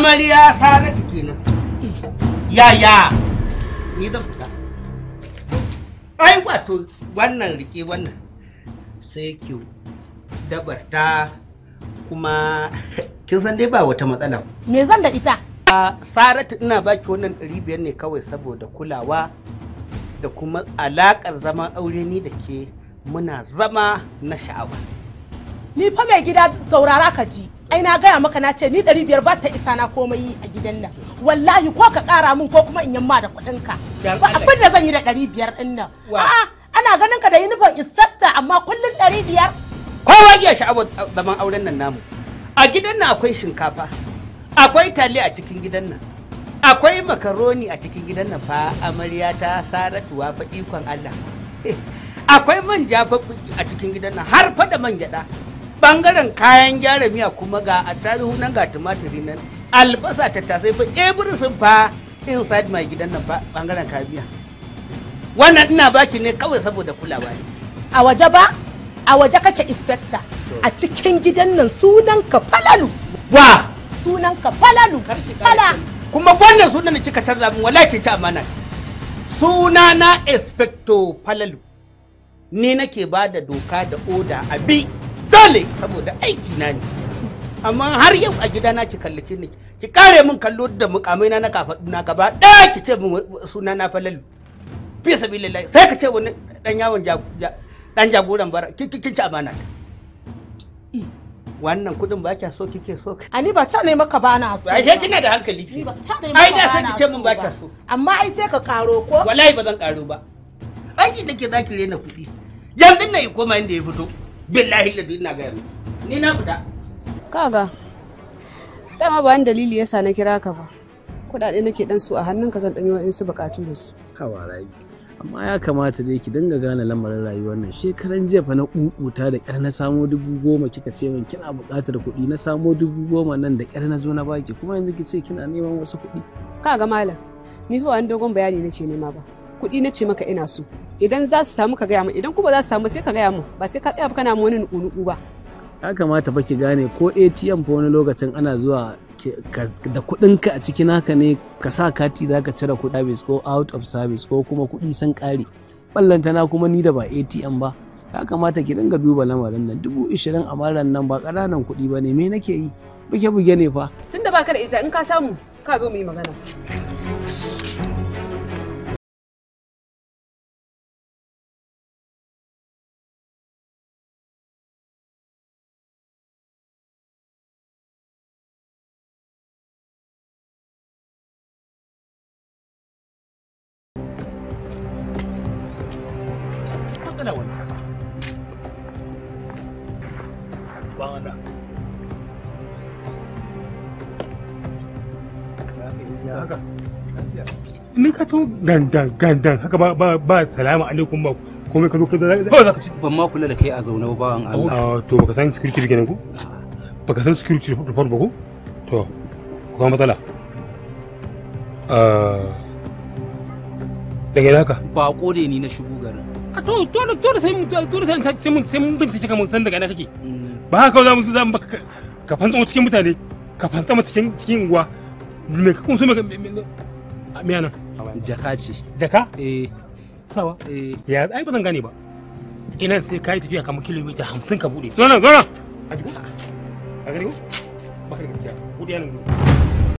amarya saratu kenan yaya ni da fita ai wato wannan rike wannan sai ki dabarta kuma kin san dai ba wata matsala me zan da ita saratu ina baki wannan ɗari biyar ne kawai saboda kulawa da kuma alaƙar zaman aure ni da ke muna zama na sha'awa ni fa mai gida saurara ka ji ai na gaya maka na ce ni ɗari biyar ba ta isa na komai a gidan nan wallahi ko ka ƙara min ko kuma in yamma da kuɗin ka ba abin da zan yi da ɗari biyar ɗin nan a'a ana ganin ka da uniform inspector amma kullum ɗari biyar kowa abu da man auren nan namu a gidan nan akwai shinkafa akwai tali a cikin gidan nan akwai makaroni a cikin gidan nan fa amarya ta saratuwa fa ikon Allah akwai manja fa a cikin gidan nan har fa da man gyaɗa bangaren kayan gyara miya kuma ga a tarihu nan ga tumatiri nan albasa ta tasai ebiri sun fa inside mai gidan nan bangaren kayan miya wannan ina baki ne kawai saboda kulawa ne a waje ba a waje kake inspector a cikin gidan nan sunan ka falalu wa sunan ka falalu fala kuma wannan sunan da kika canza min wallahi kin ci amana suna na inspector falalu ni nake ba da doka da oda a bi dole saboda aiki na ne amma har yau a gida na ki kallace ni ki kare min kallo da mukamai na na kafadu na gaba daya ki ce min suna na falalu fi sabilillahi sai ka ce wani dan yawon dan jagoran bara kin ci amana wannan kudin ba kya so kike so a ni ba ta ne maka ba na so ashe kina da hankali ki ai da sai ki ce min ba kya so amma ai sai ka karo ko wallahi ba zan karo ba aiki da ke zaki rena kuɗi yanzu na yi koma inda ya fito billahi ladi ina gaya ni na fita kaga dama ba ni dalili yasa na kira ka ba kudade nake dan su a hannunka zan dan yi wa'in su bukatu da su hawa amma ya kamata dai ki dinga gane lamarin rayuwar nan shekaran jiya fa na kukuta da kyar na samo dubu goma kika ce min kina buƙatar kuɗi na samo dubu goma nan da kyar na zo na baki kuma yanzu ki ce kina neman wasu kuɗi kaga malam ni fa wani dogon bayani nake nema ba kuɗi na ce maka ina so idan za su samu ka gaya mu idan kuma za su samu sai ka gaya mu ba sai ka tsaya ba kana wani nuku ba ya kamata ba ki gane ko atm fa wani lokacin ana zuwa da ka a cikin haka ne ka sa kati za ka cire kuɗa ko out of service ko kuma kuɗi sun ƙare na kuma ni da ba atm ba ya kamata ki dinga duba lamarin nan dubu ishirin a maran nan ba ƙananan kuɗi ba ne me nake yi buge buge ne fa tunda ba ka da ita in ka samu ka zo mu yi magana kana wani ba wanda ni ka to gandan gandan haka ba ba ba salamu alaikum ba komai ka zo ka ba za ka ci ban ma kula da kai a zaune ba an Allah ah, to baka san security kenan ko baka san security report ba ko to ko matsala eh ah, daga haka ba kore ni na shigo garin a to dole dole sai dole sai sai mun sai mun bincike ka san daga ina kake mm. ba haka za mu za mu baka ka fantsa cikin mutane ka fantsa mu cikin cikin unguwa me ka kunsu me ka me yana jaka ce jaka eh sawa eh ya ai ba zan gane ba ina sai kai tafiya kamar kilomita 50 ka bude zo nan zo nan a ji a gani ko ba ka da gaskiya bude yana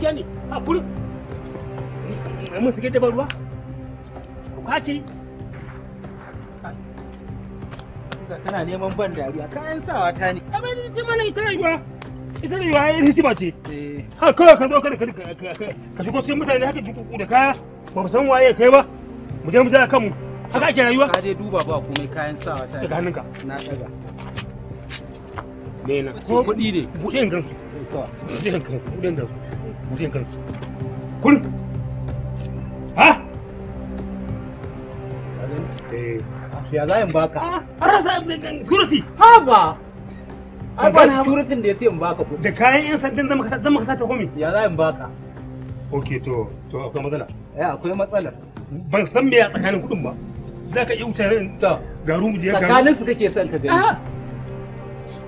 gaskiya ne a mun suke da ruwa ku kaci neman ban dariya kayan sawa ta ne amma ni ji mana ita rayuwa ita rayuwa ya hikima ce eh. ha kawai ka zo kada ka ka shigo cikin mutane haka jikuku da kaya ba mu san waye kai ba mu je mu ja kanmu haka ake rayuwa ka je duba ba komai kayan sawa ta ne daga hannunka na daga ne na ko kuɗi ne kuɗin gansu kuɗin gansu buɗe kanki kurin ha eh, ya za in baka ah, an rasa security ha ba a ba security da ya ce in baka ko da kayan yan sandan zama ta komi ya za in baka ok to to akwai matsala eh akwai matsala ban san me ya tsakanin kudin ba za ka iya wuce to garu mu je garu tsakanin su kake son ka je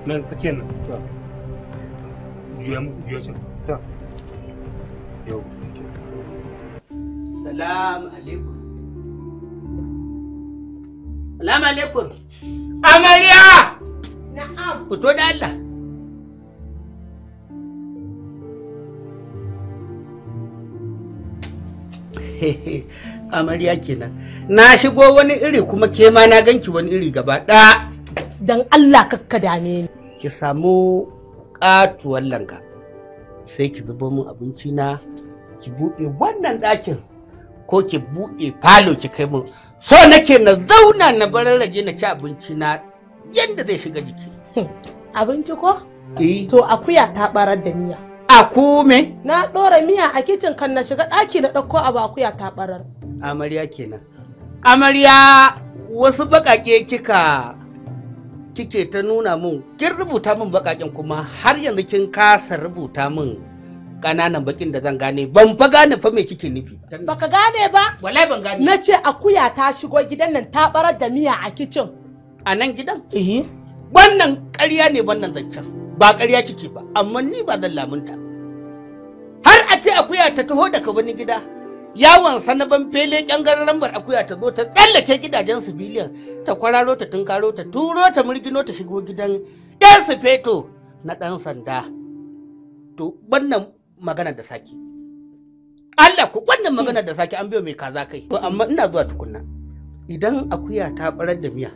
nan nan to yau salamu alaikum salamu alaikum amariya na'am fito da Allah amarya kenan na shigo wani iri kuma ke ma na ganki wani iri gaba ɗaya don allah kakka dame ni ki samu katuwar langa sai ki zubo min abinci na ki buɗe wannan ɗakin ko ki buɗe falo ki kai min so nake na zauna na bararraje na ci abinci na yadda zai shiga jiki hmm. abinci ko eh. to akuya ta barar da miya aku me na ɗora miya a kicin kan na shiga ɗaki na ɗauko abu akuya ta barar amarya kenan amarya wasu baƙaƙe kika kike ta nuna min kin rubuta min bakakin kuma har yanzu kin kasa rubuta min kananan bakin da zan gane ban fa gane fa me kike nufi baka gane ba wallahi ban gane nace akuya ta shigo gidan nan ta barar da miya a kicin a nan gidan eh wannan ƙarya ne wannan zancen ba ƙarya kike ba amma ni ba zan lamunta har a ce akuya ta taho daga wani gida yawon sanaban fele kyangar lambar akuya ta zo ta tsallake gidajen civilian ta kwararo ta tunkaro ta turo ta murgino ta shigo gidan yan feto na ɗan sanda to wannan magana da saki Allah ku wannan magana da sake an biyo mai kaza kai to amma ina zuwa tukunna idan akuya ta barar da miya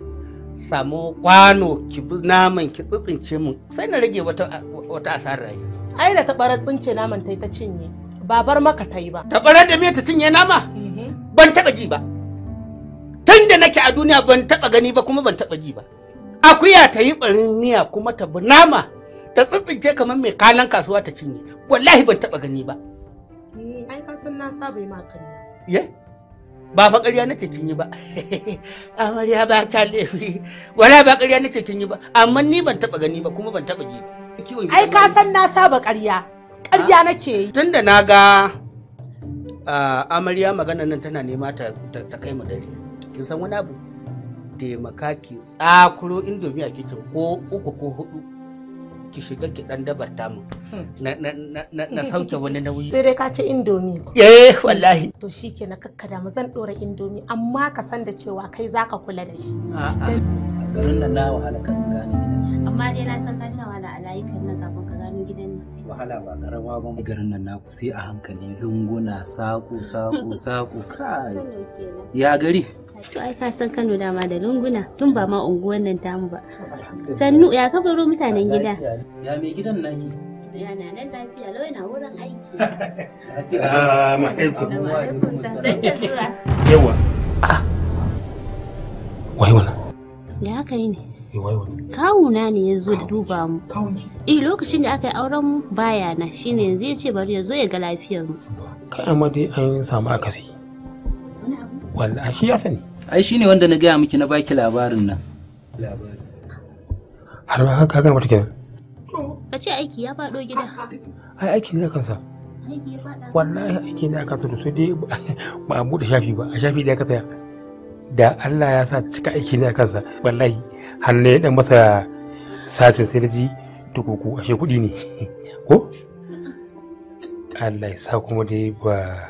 samu kwano ki naman ki tsitsince mu sai na rage wata wata asarar ai da ta barar tsince naman tai ta cinye babar maka ta yi ba bara da me ta cinye nama mhm. ban taba ji ba tun da nake a duniya ban taba gani ba kuma ban taba ji ba akuya ta yi barin miya kuma ta bi nama ta tsitsince kamar mai kalan kasuwa ta cinye wallahi ban taba gani ba mm, ai ka san na saba yi maka ye ba fa ƙarya nace kin yi ba amarya ba ta laifi wala ba ƙarya nace kin yi ba amma ni ban taba gani ba kuma ban taba ji ba ai ka san na saba ƙarya ƙarya nake yi tunda na ga amarya magana nan tana nema ta kai mu dare kin san wani abu taimaka ki tsakuro indomi a kicin ko uku ko hudu ki shiga ki dan dabar mu na sauke wani nauyi sai dai ka ci indomi eh wallahi to shike na kakkada mu zan dora indomi amma ka san da cewa kai zaka kula da shi a'a garin nan na wahala kan gane amma dai na san ka sha wahala a nan gaba wahala ba karama ba mu garin nan naku sai a hankali lunguna saƙo saƙo saƙo kai ya gari to ai ka san Kano dama da lunguna tun ba ma unguwan nan tamu ba sannu ya ka baro mutanen gida ya mai gidan nan naki yana nan lafiya lau yana wurin aiki ah ma yawa ah wai wannan ya kai ne Eh, kawuna ne ya zo da duba mu eh lokacin da aka yi auren bayana baya na shine yanzu ya ce bari ya zo ya ga lafiyar mu kai amma dai an samu akasi wanda shi ya sani ai shi ne wanda na gaya miki na baki labarin nan har ma ka gama mata kenan ka ce aiki ya faɗo gida ai aiki ne kansa wallahi aiki ne kansa tsoro sai dai ba a bude shafi ba a shafi da ka tsaya da Allah ya sa cika aiki ne a kansa wallahi hannu ya dan masa sacin sai da ji tukuku ashe kuɗi ne ko Allah ya sa kuma dai ba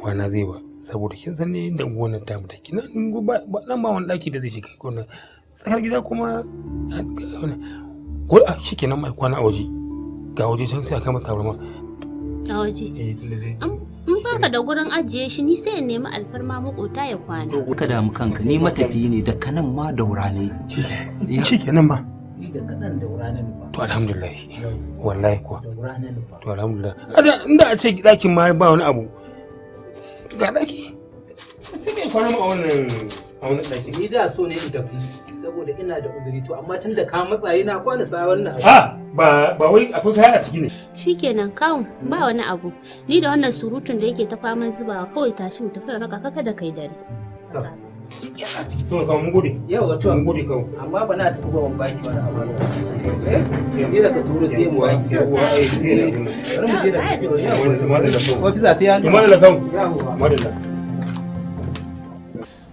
kwana zai ba saboda kin san ne da gonar ta mu take nan ba nan ba wani daki da zai shiga ko nan tsakar gida kuma ko a shikenan mai kwana a waje ga waje sun sai aka masa tabarma a waje eh, an in ba ka da gurin ajiye shi ni sai in nemi alfarma makota ya kwana ka damu kanka ni matafi ne da kanan ma daura ne shi kenan ba to alhamdulillah wallahi kuwa to alhamdulillah Ada inda a ce dakin ma ba wani abu ga daki sai kwana ma a wannan a wannan daki ni da so ne in tafi saboda ina da uzuri to amma da ka matsa yana kwana sa wannan a ah, ba ba wai akwai kaya a ciki ne shikenan kawo ba wani abu ni da wannan surutun da yake ta faman zubawa kawai tashi mu tafi raka kaka da kai dare to ka mun gode yawa to mun gode kawo amma ba na tafi ba baki wani abu eh da sai mu baki ai eh, sai mu je da madalla kawo madalla kawo madalla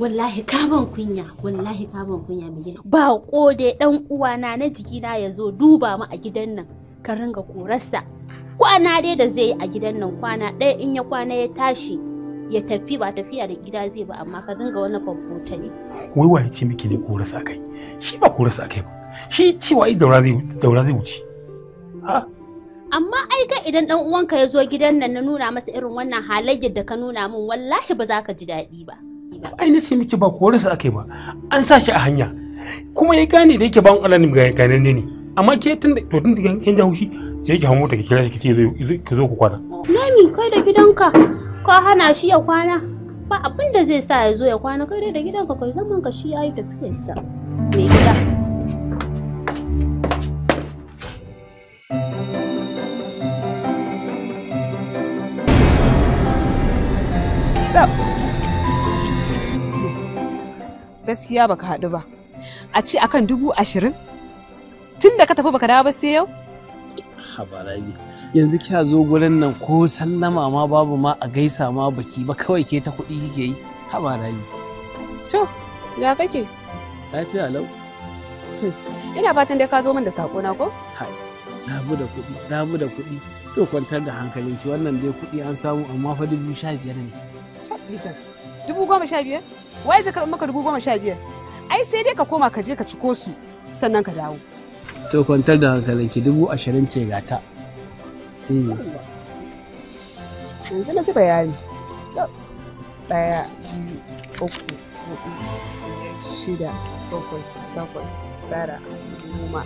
wallahi kaban kunya wallahi kaban kunya mai gida ba dai dan uwana na jikina ya zo duba mu a gidan nan ka ringa korarsa kwana dai da zai yi a gidan nan kwana ɗaya in ya kwana ya tashi ya tafi ba tafiya da gida zai ba amma ka ringa wani kwamfuta ne wai waye ce miki ne korarsa kai? shi ba korarsa kai ba shi cewa ai daura zai daura zai wuce ha amma ai ga idan dan uwanka ya zo gidan nan na nuna masa irin wannan halayyar da ka nuna min wallahi ba za ka ji daɗi ba ai na ce miki ba korisa aka yi ba an sa shi a hanya kuma ya gane da yake ban alalim ga gane ne ne amma ke tun da tun da kin ja hushi sai ki hamu ta ki kira shi kace zo ki zo ku kwana nami kai da gidanka ka hana shi ya kwana ba abin da zai sa ya zo ya kwana kai dai da gidanka kai zaman ka shi yayi sa me gida Stop. gaskiya baka haɗu ba a ce akan dubu ashirin tun da ka tafi baka dawo ba sai yau habarabi yanzu kya zo gurin nan ko sallama ma babu ma a gaisa ma baki ba kawai ke ta kuɗi kike yi habarabi to ya kake lafiya lau hmm. ina fatan dai ka zo min da sako na ko hai damu da kuɗi damu da kuɗi to kwantar da hankalinki wannan dai kuɗi an samu amma fa dubu sha biyar ne dubu goma maka dubu goma ai sai dai ka koma ka je ka ciko su sannan ka dawo to kwantar da dubu ashirin ce ga ta hmm. yanzu na ci bayani ɗaya uku hudu shida bakwai takwas tara goma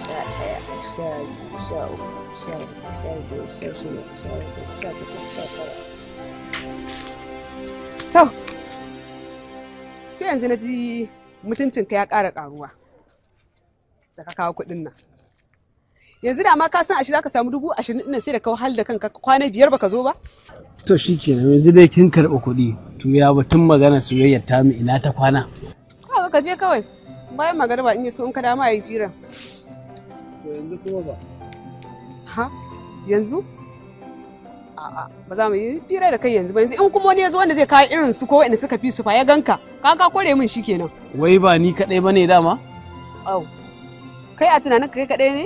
sha ɗaya sha biyu sha uku sha sha sha sha To, sai yanzu na ji mutuncinka ya ƙara ƙaruwa da ka kawo kuɗin nan. Yanzu da ma ka san ashe za ka samu dubu ashirin ɗin sai da ka wahal da kanka kwana biyar ba ka zo ba? To shi kenan yanzu dai kin karɓi kuɗi to ya batun magana soyayyar ta mu ina ta kwana. Kawai ka je kawai bayan magana ba in yi so in ka dama ya yi firan. To yanzu kuma ba. Ha? Yanzu? a'a ba za mu yi fira da kai yanzu ba yanzu in kuma wani ya zo wanda zai kawo irin su ko wanda suka fi su fa ya ganka ka ka kore min shikenan wai ba ni kadai bane dama au kai a tunanin kai kadai ne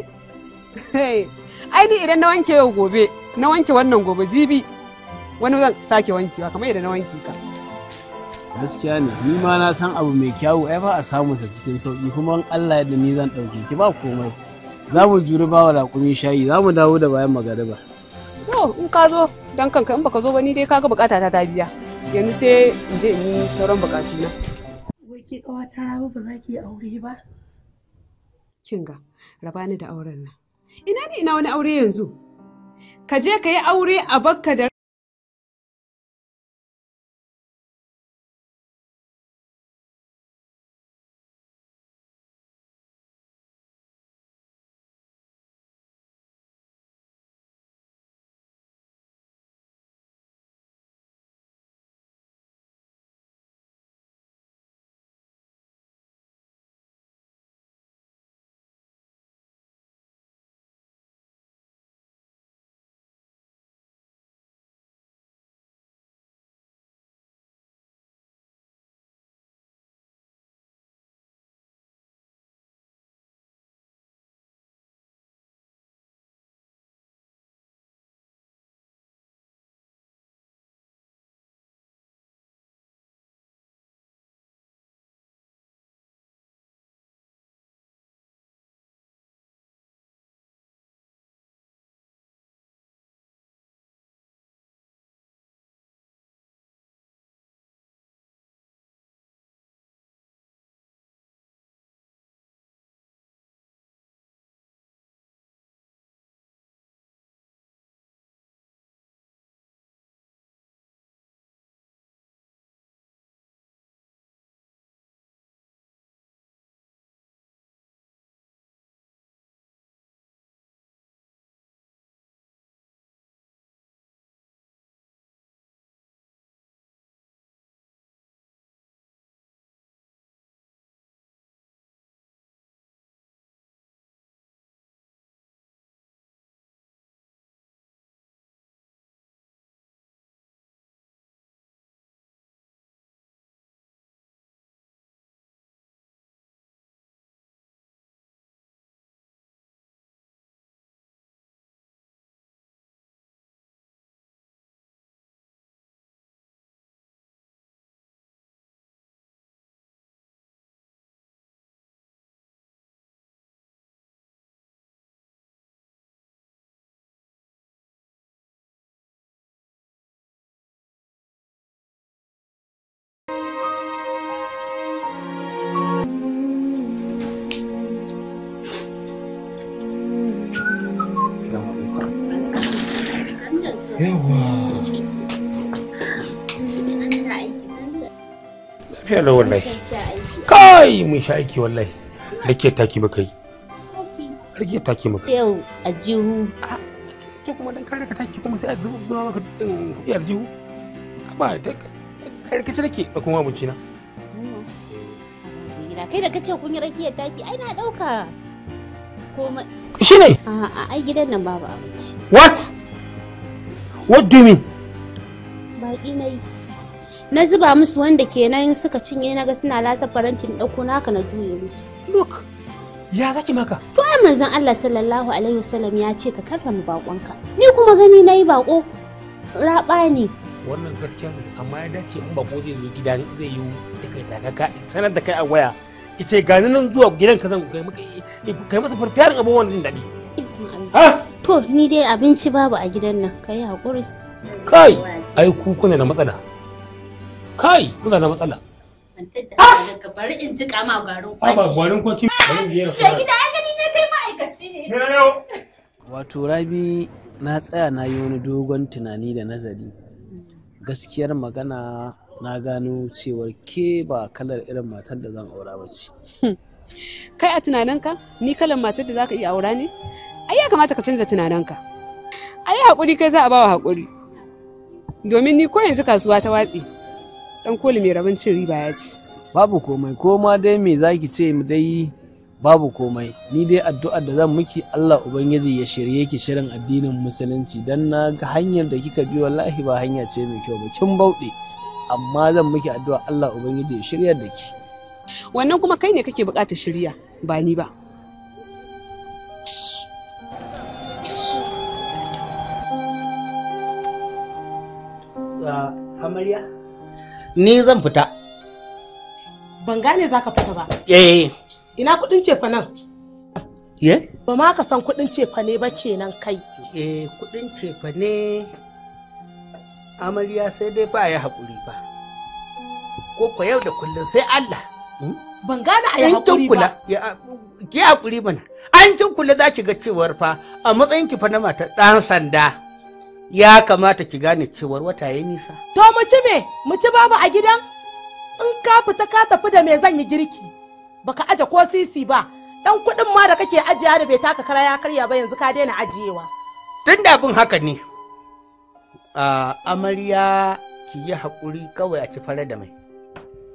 ai ni idan na wanke yau gobe na wanke wannan gobe jibi wani zan sake wankewa kamar yadda na wanke ka gaskiya ne ni ma na san abu mai kyawu ai ba a samu sa cikin sauki kuma Allah ya da ni zan dauke ki ba komai za mu juri bawa raƙumi shayi za mu dawo da bayan magariba to in ka zo dan kanka in baka zo ba ni dai kaga bukata ta ta biya yanzu sai in je in yi sauran bukatu na wai ki kawa ta rabu ba za ki aure ba kin ga raba ni da auren nan ina ne ina wani aure yanzu ka je ka yi aure a bakka da shelo wallahi kai mun sha aiki wallahi rike taki muka yi rike taki muka yau a jihu ke ah, kuma dan karka taki kuma sai a zuba maka kuɗi a jihu ba ta karkace nake da kuma abinci na kai da kace kun yi rike taki ai na dauka koma shine a ai gidan nan babu abinci what what do you mean baki na yi na zuba musu wanda kenan suka cinye na ga suna lasa farantin ɗauko naka na juye musu look ya zaki maka to ai manzon Allah sallallahu alaihi wasallam ya ce ka karrama bakonka ni kuma gani nayi bako raba ne wannan gaskiya amma ya dace in bako zai zo gida zai yi da kai ka sanar da kai a waya ce gani nan zuwa gidan ka zan kai maka kai masa farfiyarin abubuwan jin daɗi ha to ni dai abinci babu a gidan nan kai hakuri kai ai ku kuna da matsala kai kuna da matsala bari in ji bari biyar ma'aikaci ne wato rabi na tsaya na yi wani dogon tunani da nazari gaskiyar magana na gano cewar ke ba kalar irin matar da zan aura ba ce hmm. kai a tunaninka ni kalar matar da zaka iya aura ne ai ya kamata ka canza tunaninka ai haƙuri kai za a ba wa haƙuri domin ni ko yanzu kasuwa ta watsi dan koli mai rabin cin riba ya ci babu komai ko ma dai me zaki ce mu dai babu komai ni dai addu'ar da zan miki Allah ubangiji ya shirye ki shirin addinin musulunci dan na ga hanyar da kika bi wallahi ba hanya ce mai kyau ba kin bauɗe amma zan miki addu'a Allah ubangiji ya shirya da ki wannan kuma kai ne kake bukata shirya ba ni ba ah, amarya ni zan fita ban gane za ka fita ba eh ina kudin cefa nan ye ba ma ka san kudin cefa ne ba kenan kai eh kudin cefa ne amarya sai dai ba ya haƙuri ba ko ko yau da kullum sai Allah hmm? ban gane a yi haƙuri ba ki haƙuri mana an kin kula za ki ga cewar fa a matsayin ki fa na mata ɗan sanda ya kamata ki gane cewar wata ya nisa. To mu ci me, mu ci babu a gidan? In ka fita ka tafi da me zan yi girki, baka aje ko sisi ba, dan kuɗin ma da kake ajiya da bai taka kara ya karya ba yanzu ka daina ajiyewa. Tun da abin haka ne, a amarya ki yi haƙuri kawai a ci fara da mai.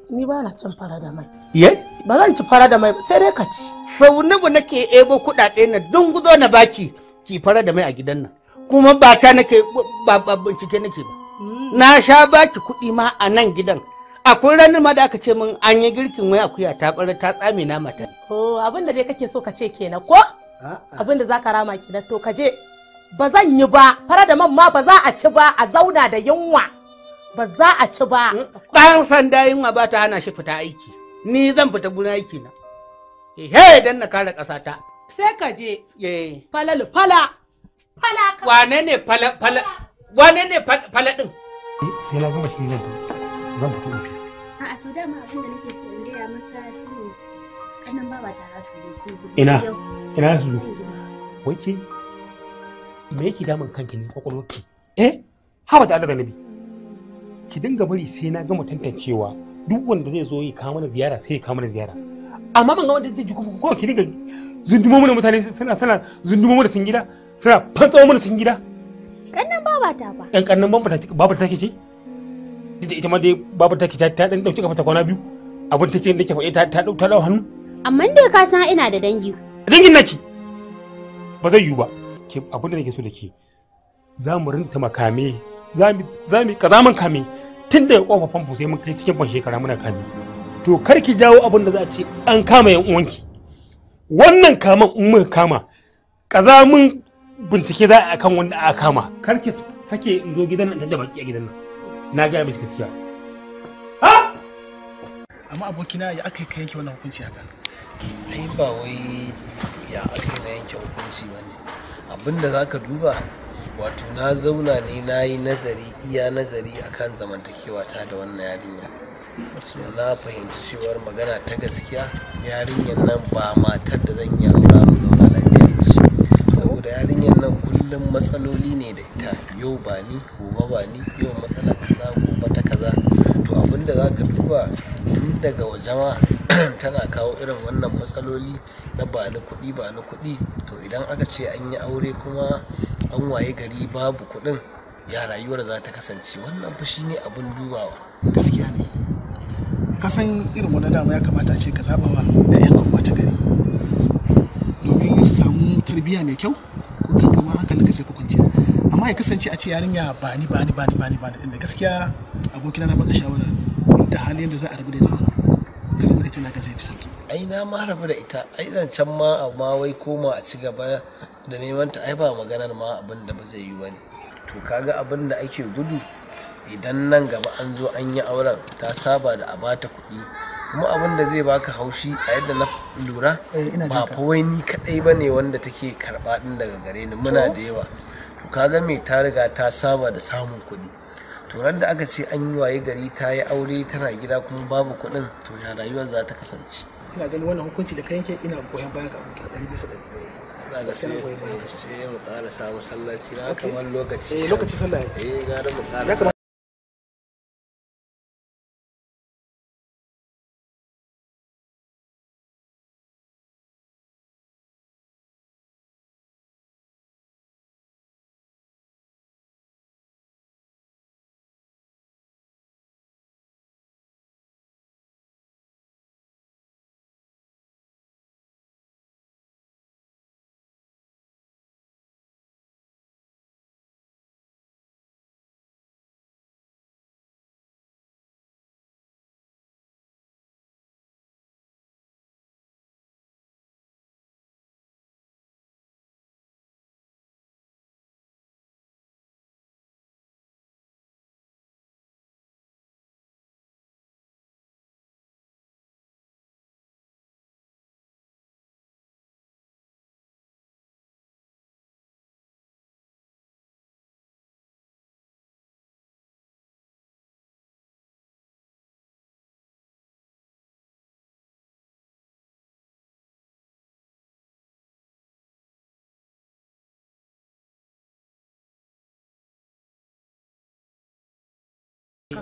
Ni ba na cin fara da mai. Ye? Ba zan ci fara da mai sai dai ka ci. Sau nawa nake ebo kuɗaɗe na dunguzo na baki ki fara da mai a gidan nan. kuma ba ta nake ba bincike nake ba hmm. na sha baki kuɗi ma a nan gidan akwai ranar ma da aka ce min an yi girkin waya kuya ta bar ta tsame na mata oh abin da dai kake so ka ce kenan ko abin da zaka rama kenan to ka je ba zan yi ba fara da man ma ba za a ci ba a zauna da yunwa ba za a ci ba mm, ɗan sanda yunwa ba ta hana shi fita aiki ni zan fita gurin aiki na he dan na kare kasata sai ka je falalu fala Wane ne fala fala wane na su su Ina ina su zo. Wake me yake damun kanki ne Eh da nabi. Ki dinga bari sai na gama tantancewa duk wanda zai zo ya kawo mana ziyara sai ya kawo mana ziyara. Amma ban ga wanda zai ji kuma ki dinga da mutane suna suna sun gida sira suna tsawo mana cikin gida kannan babata ba yan kannan ta ke ce da ita ma dai babu take ta ɗan ɗauki kafa ta kwana biyu abin take da ke faɗi eh, ta ta ta dawo hannu amma dai ka san ina da dangi dangin naki ba zai yiwu ba ke abin da nake so da ke za mu rinta makame za mu za mu kaza mun kame tun da kofa famfo sai mun kai cikin ban shekara muna kame to kar ki jawo abin da za a ce an kama yan uwanki wannan kaman in muka kama kaza mun bincike za a kan wanda aka kama kar ki sake in zo gidan nan da baki a gidan nan na ga miki gaskiya ha amma abokina ya aka kai yanke wannan hukunci haka ai ba wai ya aka na yanke hukunci bane abinda zaka duba wato na zauna ne na yi nazari iya nazari akan zamantakewa ta da wannan yarinya na fahimci cewar magana ta gaskiya yarinyar nan ba matar da zan yi ba. saboda yarinyar nan kullum matsaloli ne da ita yau ba ni gobe ba ni yau matsala kaza gobe ta kaza to abinda za ka duba tun daga waje ma tana kawo irin wannan matsaloli na ba ni kuɗi ba ni kuɗi to idan aka ce an yi aure kuma an waye gari babu kuɗin ya rayuwar za ta kasance wannan fa ne abin dubawa gaskiya ne ka san irin wani dama ya kamata a ce ka zaɓa wa 'ya'yan wata gari domin su samu tarbiyya mai kyau ma hankalinka sai ku kwanciya amma ya kasance a ce yarinya ba ni ba ni ba ni ba ni ba ni inda gaskiya abokina na baka shawarar in ta halin da za a rabu da ita ka rabu da ita ka zai fi sauki ai na ma rabu da ita ai zancen ma amma wai koma a ci gaba da neman ta ai ba maganar ma abin da ba zai yi wani to kaga abin da ake gudu idan nan gaba an zo an yi auren ta saba da a bata kuɗi kuma abin da zai baka haushi a yadda na lura eh, ba fa wai ni kadai ba ne wanda take karba din daga gare ni muna da yawa to kaga me ta riga ta saba da samun kuɗi to ran da aka ce an yi waye gari ta yi aure tana gida kuma babu kuɗin to ya rayuwar za ta kasance ina ganin wannan hukunci da ka yanke ina goyon baya ga abokin ɗari bisa ɗari ga sai mu ƙara samu sallaci na kamar lokaci eh, lokaci sallah eh gara mu ƙara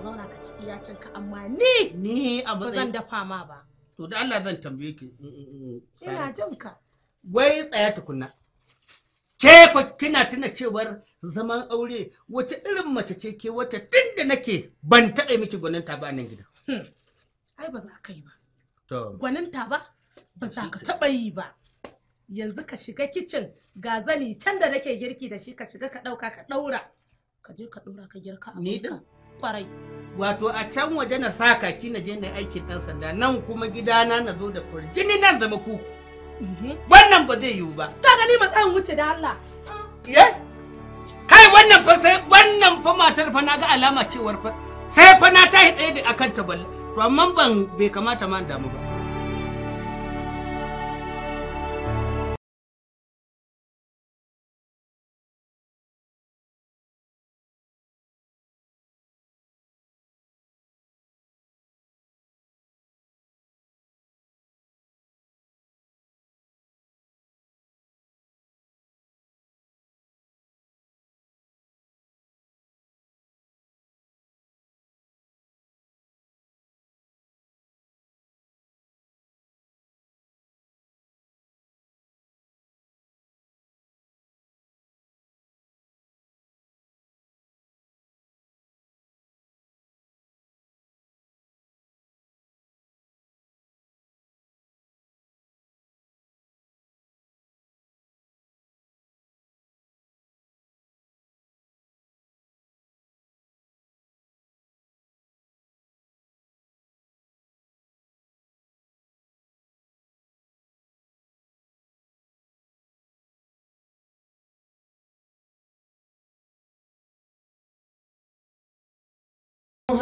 zauna ka ci iyacin ka amma ni ni a matsayin zan dafa ma ba to da Allah zan tambaye ki mm, mm, mm, ina jin ka wai tsaya tukunna ke kina tuna cewar zaman aure wace irin mace ce ke wata tun da nake ban taɓa miki gwanin ta ba nan gida. Hmm. Ai ba za ka yi ba. ta ba ba za ka taɓa yi ba. Yanzu ka shiga kicin ga zani can da nake girki da shi ka shiga ka ɗauka ka ɗaura. Ka je ka ɗaura ka girka a Ni ɗin. Kwarai. Wato a can waje na sa kaki na je na aikin ɗan sanda nan kuma gidana na zo da kurjini nan zama ku. Mhm. Wannan ba zai yiwu ba. Ta gani ba tsayin wuce da Allah. Ye? Kai wannan fa sai wannan fa matar fa na ga alama cewar fa sai fa na tashi tsaye da akan ta balla. To amma ban bai kamata ma damu ba.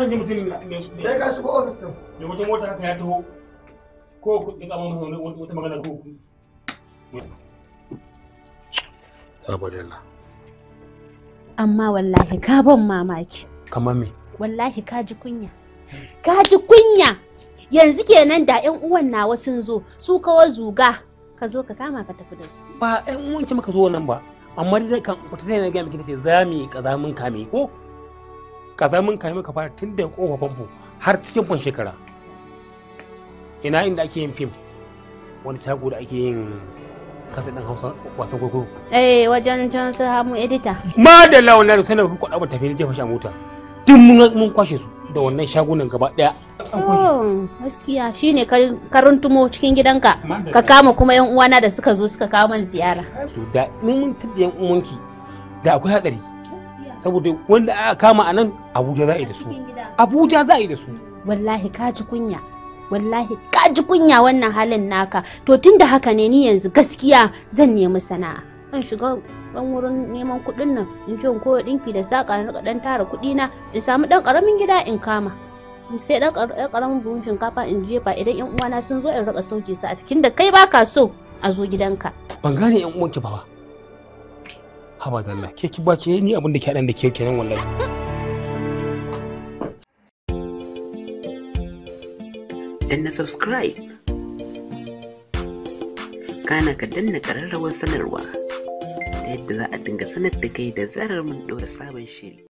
son ji mutum sai ka shigo ofis din da mutum mota haka ya taho ko kuɗin kama masa wata magana ko kuɗi Abadalla. Amma wallahi ka ban mamaki. Kamar me? Wallahi ka ji kunya. Ka ji kunya! Yanzu kenan da 'yan uwan nawa sun zo, su kawo zuga, ka zo ka kama ka tafi da su. Ba 'yan uwan ki muka zo nan ba, amma dai kan ku ta sai na ga miki ce za mu yi kaza mun kame ko? kaza mun kai muka fara tun da kofa famfo har cikin fan shekara ina inda ake yin fim wani shago da ake yin kasa ɗan hausa wasan koko eh wajen can su hamu editor ma da launar da sanar kuka ɗaukar tafiya jefa shi a mota duk mun kwashe su da wannan shagunan gaba Oh! gaskiya shine karin tumo cikin gidanka ka kama kuma yan uwana da suka zo suka kawo man ziyara. to da mun mun yan uwanki da akwai haɗari saboda wanda aka kama a abuja za a yi da su abuja za a yi da su wallahi ka ji kunya wallahi ka ji kunya wannan halin naka to tun da haka ne ni yanzu gaskiya zan nemi sana'a an shiga ɗan wurin neman kuɗin nan in ce ko dinki da saƙa na ɗan tara kuɗi na in samu dan ƙaramin gida in kama sai dan ƙaramin buhun shinkafa in jefa idan yan uwana sun zo in raka sauke su a cikin da kai baka so a zo gidanka ban gane ƴan uwanki ba haba da ke ki ba ke ni abin da ke dan da ke kenan wallahi danna subscribe kana ka danna ƙararrawar sanarwa ta yadda za a dinga sanar da kai da zarar mun ɗora sabon shiri